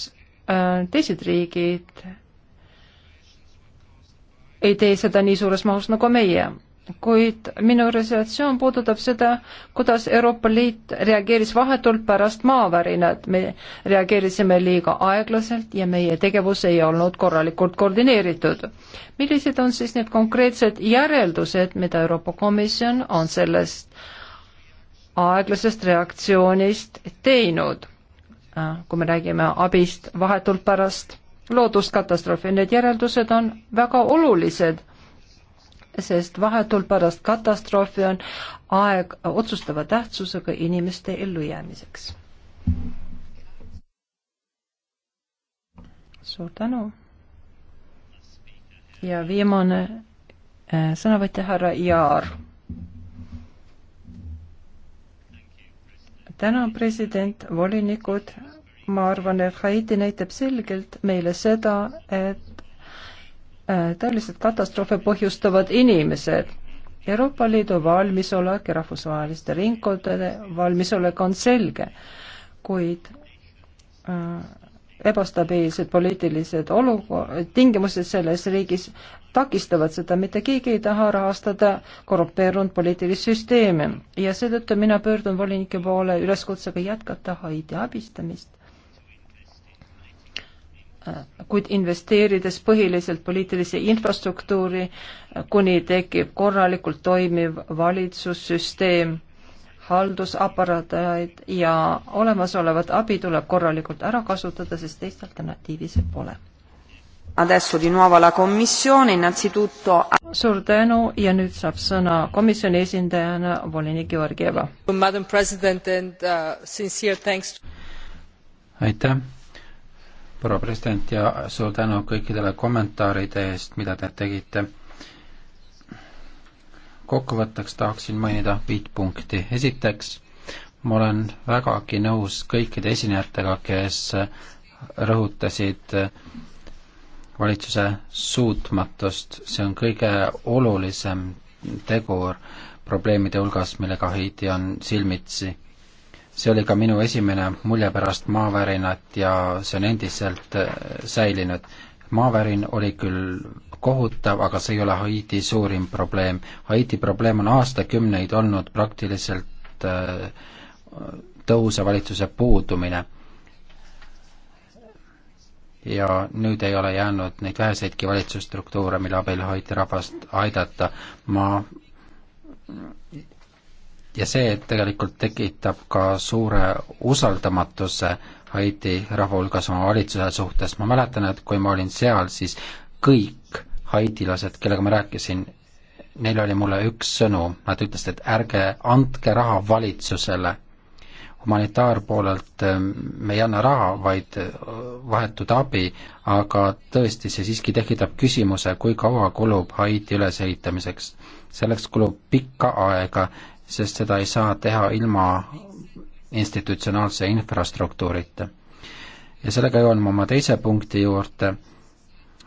äh, teised riigid ei tee seda nii suures mahus nagu meie kuid minu reservatsioon puudutab seda, kuidas Euroopa Liit reageeris vahetult pärast maavärinat. me reageerisime liiga aeglaselt ja meie tegevus ei olnud korralikult koordineeritud. millised on siis need konkreetsed järeldused, mida Euroopa Komisjon on sellest aeglasest reaktsioonist teinud, kui me räägime abist vahetult pärast looduskatastroofi, need järeldused on väga olulised sest vahetult pärast katastroofi on aeg otsustava tähtsusega inimeste ellujäämiseks. suur tänu. ja viimane äh, sõnavõtja, härra Jaar. täna president, volinikud, ma arvan, et Haiti näitab selgelt meile seda, et tõeliselt katastroofe põhjustavad inimesed. Euroopa Liidu valmisolek ja rahvusvaheliste ringkondade valmisolek on selge, kuid äh, ebastabiilsed poliitilised olukorrad, tingimused selles riigis takistavad seda, mitte keegi ei taha rahastada korrumpeerunud poliitilist süsteemi ja seetõttu mina pöördun volinike poole üleskutsega jätkata Haiti abistamist kuid investeerides põhiliselt poliitilise infrastruktuuri, kuni tekib korralikult toimiv valitsussüsteem, haldusaparaadid ja olemasolevat abi tuleb korralikult ära kasutada, sest teist alternatiivi see pole. Adesso di nuovo la commissione, innanzitutto suur tänu ja nüüd saab sõna komisjoni esindajana volinik Georgieva. Madam President and uh, sincere thanks aitäh proua president ja suur tänu kõikidele kommentaaride eest, mida te tegite. kokkuvõtteks tahaksin mainida viit punkti. esiteks, ma olen vägagi nõus kõikide esinejatega, kes rõhutasid valitsuse suutmatust, see on kõige olulisem tegur probleemide hulgas, millega Haiti on silmitsi see oli ka minu esimene mulje pärast maavärinat ja see on endiselt äh, säilinud. maavärin oli küll kohutav, aga see ei ole Haiti suurim probleem. Haiti probleem on aastakümneid olnud praktiliselt äh, tõhusa valitsuse puudumine. ja nüüd ei ole jäänud neid väheseidki valitsusstruktuure, mille abil Haiti rahvast aidata. ma ja see tegelikult tekitab ka suure usaldamatuse Haiti rahva hulgas oma valitsuse suhtes, ma mäletan, et kui ma olin seal, siis kõik haidilased, kellega ma rääkisin, neil oli mulle üks sõnum, nad ütlesid, et ärge andke raha valitsusele. humanitaarpoolelt ähm, me ei anna raha, vaid äh, vahetut abi, aga tõesti, see siiski tekitab küsimuse, kui kaua kulub Haiti ülesehitamiseks. selleks kulub pikka aega sest seda ei saa teha ilma institutsionaalse infrastruktuurita. ja sellega jõuan ma oma teise punkti juurde,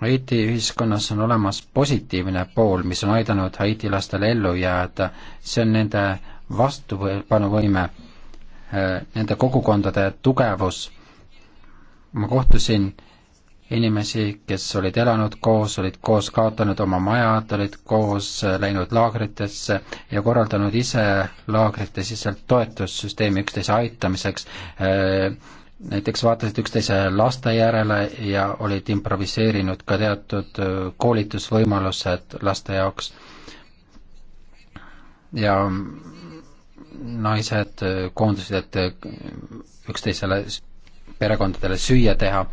Haiti ühiskonnas on olemas positiivne pool, mis on aidanud Haiti lastel ellu jääda, see on nende vastupanuvõime, äh, nende kogukondade tugevus. ma kohtusin inimesi, kes olid elanud koos, olid koos kaotanud oma majad, olid koos äh, läinud laagritesse ja korraldanud ise laagrite-siselt toetussüsteemi üksteise aitamiseks, äh, näiteks vaatasid üksteise laste järele ja olid improviseerinud ka teatud äh, koolitusvõimalused laste jaoks. ja naised koondusid, et üksteisele perekondadele süüa teha.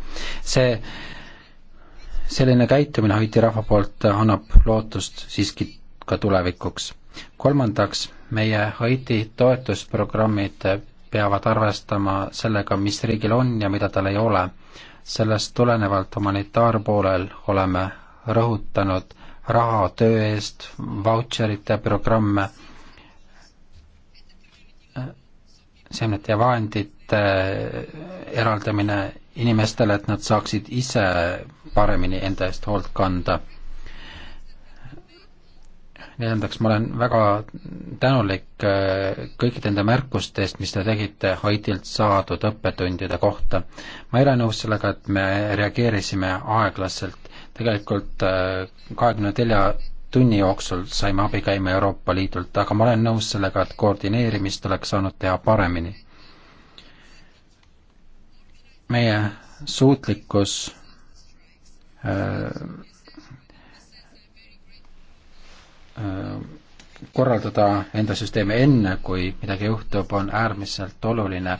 see, selline käitumine Haiti rahva poolt annab lootust siiski ka tulevikuks. kolmandaks, meie Haiti toetusprogrammid peavad arvestama sellega, mis riigil on ja mida tal ei ole. sellest tulenevalt humanitaarpoolel oleme rõhutanud raha töö eest, vautšerite programme, seemnete ja vahendite vahendite eraldamine inimestele, et nad saaksid ise paremini enda eest hoolt kanda. neljandaks, ma olen väga tänulik äh, kõikide nende märkuste eest, mis te tegite Haitilt saadud õppetundide kohta. ma ei ole nõus sellega, et me reageerisime aeglaselt, tegelikult äh, kahekümne nelja tunni jooksul saime abikäime Euroopa Liidult, aga ma olen nõus sellega, et koordineerimist oleks saanud teha paremini meie suutlikkus äh, äh, korraldada enda süsteeme enne, kui midagi juhtub, on äärmiselt oluline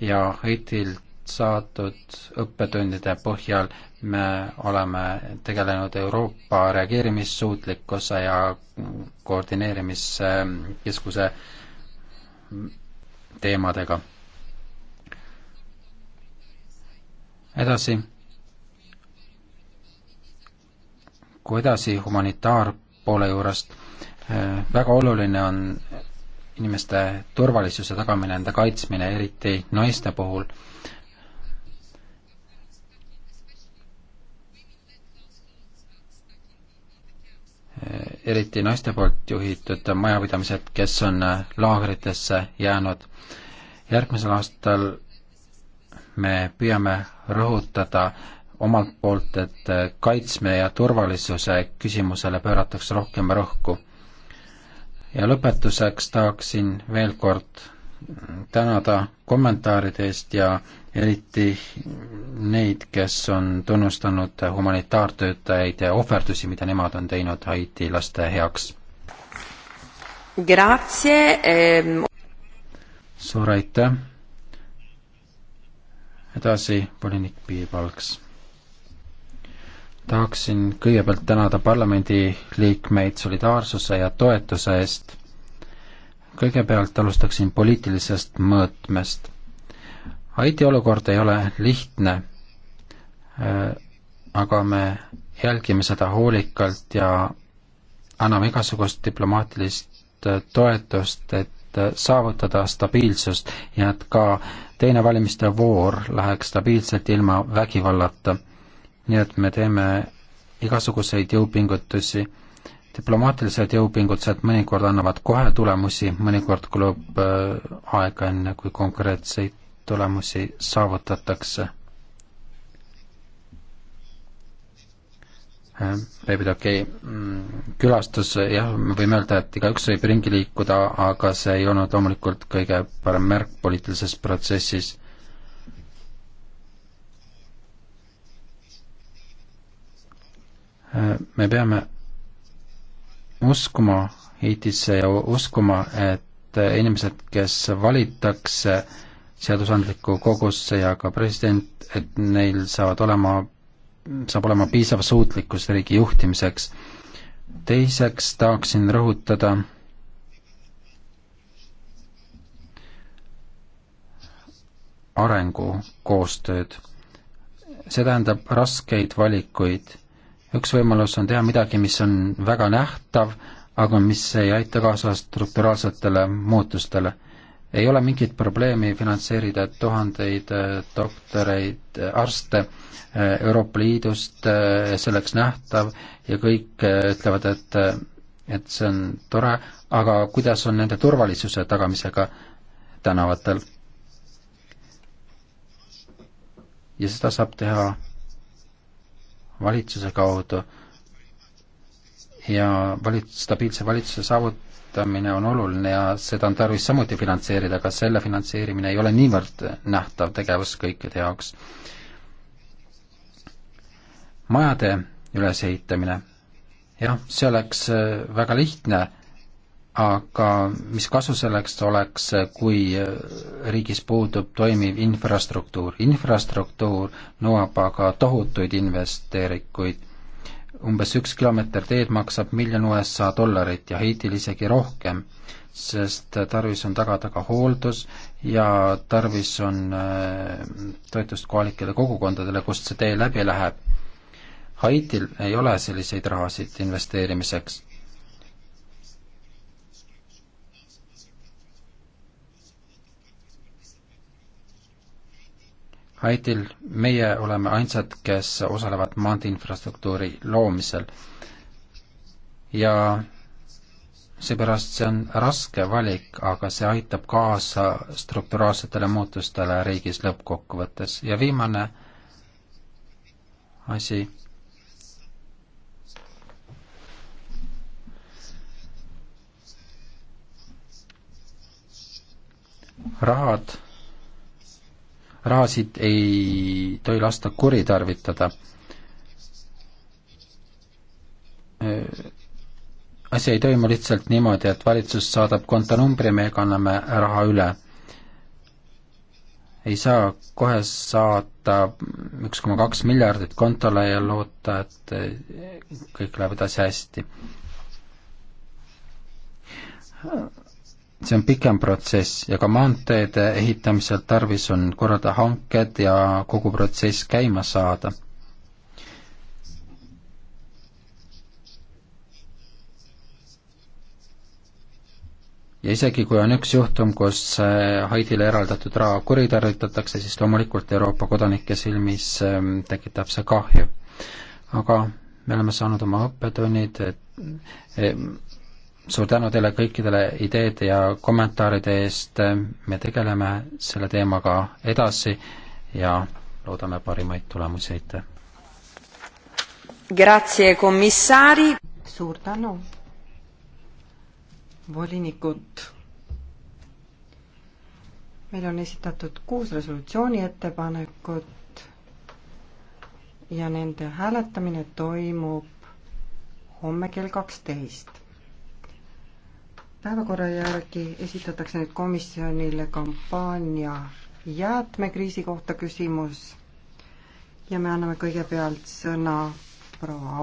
ja Haitilt saadud õppetundide põhjal me oleme tegelenud Euroopa reageerimissuutlikkuse ja koordineerimiskeskuse teemadega edasi, kui edasi humanitaarpoole juurest, eh, väga oluline on inimeste turvalisuse tagamine, enda kaitsmine, eriti naiste puhul. Eh, eriti naiste poolt juhitud majapidamised, kes on eh, laagritesse jäänud. järgmisel aastal me püüame rõhutada omalt poolt, et kaitsme ja turvalisuse küsimusele pööratakse rohkem rõhku. ja lõpetuseks tahaksin veel kord tänada kommentaaride eest ja eriti neid, kes on tunnustanud humanitaartöötajaid ja ohverdusi, mida nemad on teinud Haiti laste heaks. Ehm. suur aitäh! edasi volinik Piibalks. tahaksin kõigepealt tänada parlamendiliikmeid solidaarsuse ja toetuse eest. kõigepealt alustaksin poliitilisest mõõtmest. Haiti olukord ei ole lihtne, äh, aga me jälgime seda hoolikalt ja anname igasugust diplomaatilist äh, toetust, et et saavutada stabiilsust ja et ka teine valimiste voor läheks stabiilselt ilma vägivallata. nii et me teeme igasuguseid jõupingutusi, diplomaatilised jõupingutused mõnikord annavad kohe tulemusi, mõnikord kulub äh, aega, enne kui konkreetseid tulemusi saavutatakse Babydoki mm, külastus, jah, me võime öelda, et igaüks võib ringi liikuda, aga see ei olnud loomulikult kõige parem märk poliitilises protsessis. Äh, me peame uskuma Haitisse ja uskuma, et inimesed, kes valitakse seadusandlikku kogusse ja ka president, et neil saavad olema saab olema piisav suutlikkus riigi juhtimiseks. teiseks tahaksin rõhutada arengukoostööd. see tähendab raskeid valikuid. üks võimalus on teha midagi, mis on väga nähtav, aga mis ei aita kaasa strukturaalsetele muutustele ei ole mingit probleemi finantseerida tuhandeid äh, doktoreid, äh, arste äh, Euroopa Liidust, selleks nähtav ja kõik ütlevad, et, et see on tore, aga kuidas on nende turvalisuse tagamisega tänavatel? ja seda saab teha valitsuse kaudu ja valit-, stabiilse valitsuse saavut-, kasutamine on oluline ja seda on tarvis samuti finantseerida, aga selle finantseerimine ei ole niivõrd nähtav tegevus kõikide jaoks. majade ülesehitamine, jah, see oleks äh, väga lihtne, aga mis kasu selleks oleks, äh, kui äh, riigis puudub toimiv infrastruktuur? infrastruktuur nõuab aga tohutuid investeeringuid umbes üks kilomeeter teed maksab miljon USA dollarit ja Haitil isegi rohkem, sest tarvis on tagada -taga ka hooldus ja tarvis on äh, toetust kohalikele kogukondadele, kust see tee läbi läheb. Haitil ei ole selliseid rahasid investeerimiseks Haitil meie oleme ainsad, kes osalevad maanteeinfrastruktuuri loomisel. ja seepärast see on raske valik, aga see aitab kaasa strukturaalsetele muutustele riigis lõppkokkuvõttes ja viimane asi. rahad rahasid ei tohi lasta kuritarvitada. asi ei toimu lihtsalt niimoodi, et valitsus saadab kontonumbri, me kanname raha üle. ei saa kohe saata üks koma kaks miljardit kontole ja loota, et kõik läheb edasi hästi see on pikem protsess ja ka maanteede ehitamisel tarvis on korraldada hanked ja kogu protsess käima saada. ja isegi, kui on üks juhtum, kus äh, Haidile eraldatud raha kuritarvitatakse, siis loomulikult Euroopa kodanike silmis ähm, tekitab see kahju. aga me oleme saanud oma õppetunnid, et suur tänu teile kõikidele ideede ja kommentaaride eest, me tegeleme selle teemaga edasi ja loodame parimaid tulemusi, aitäh! Grazie, komissari! suur tänu, volinikud! meil on esitatud kuus resolutsiooni ettepanekut ja nende hääletamine toimub homme kell kaksteist päevakorra järgi esitatakse nüüd komisjonile kampaania jäätmekriisi kohta küsimus ja me anname kõigepealt sõna proua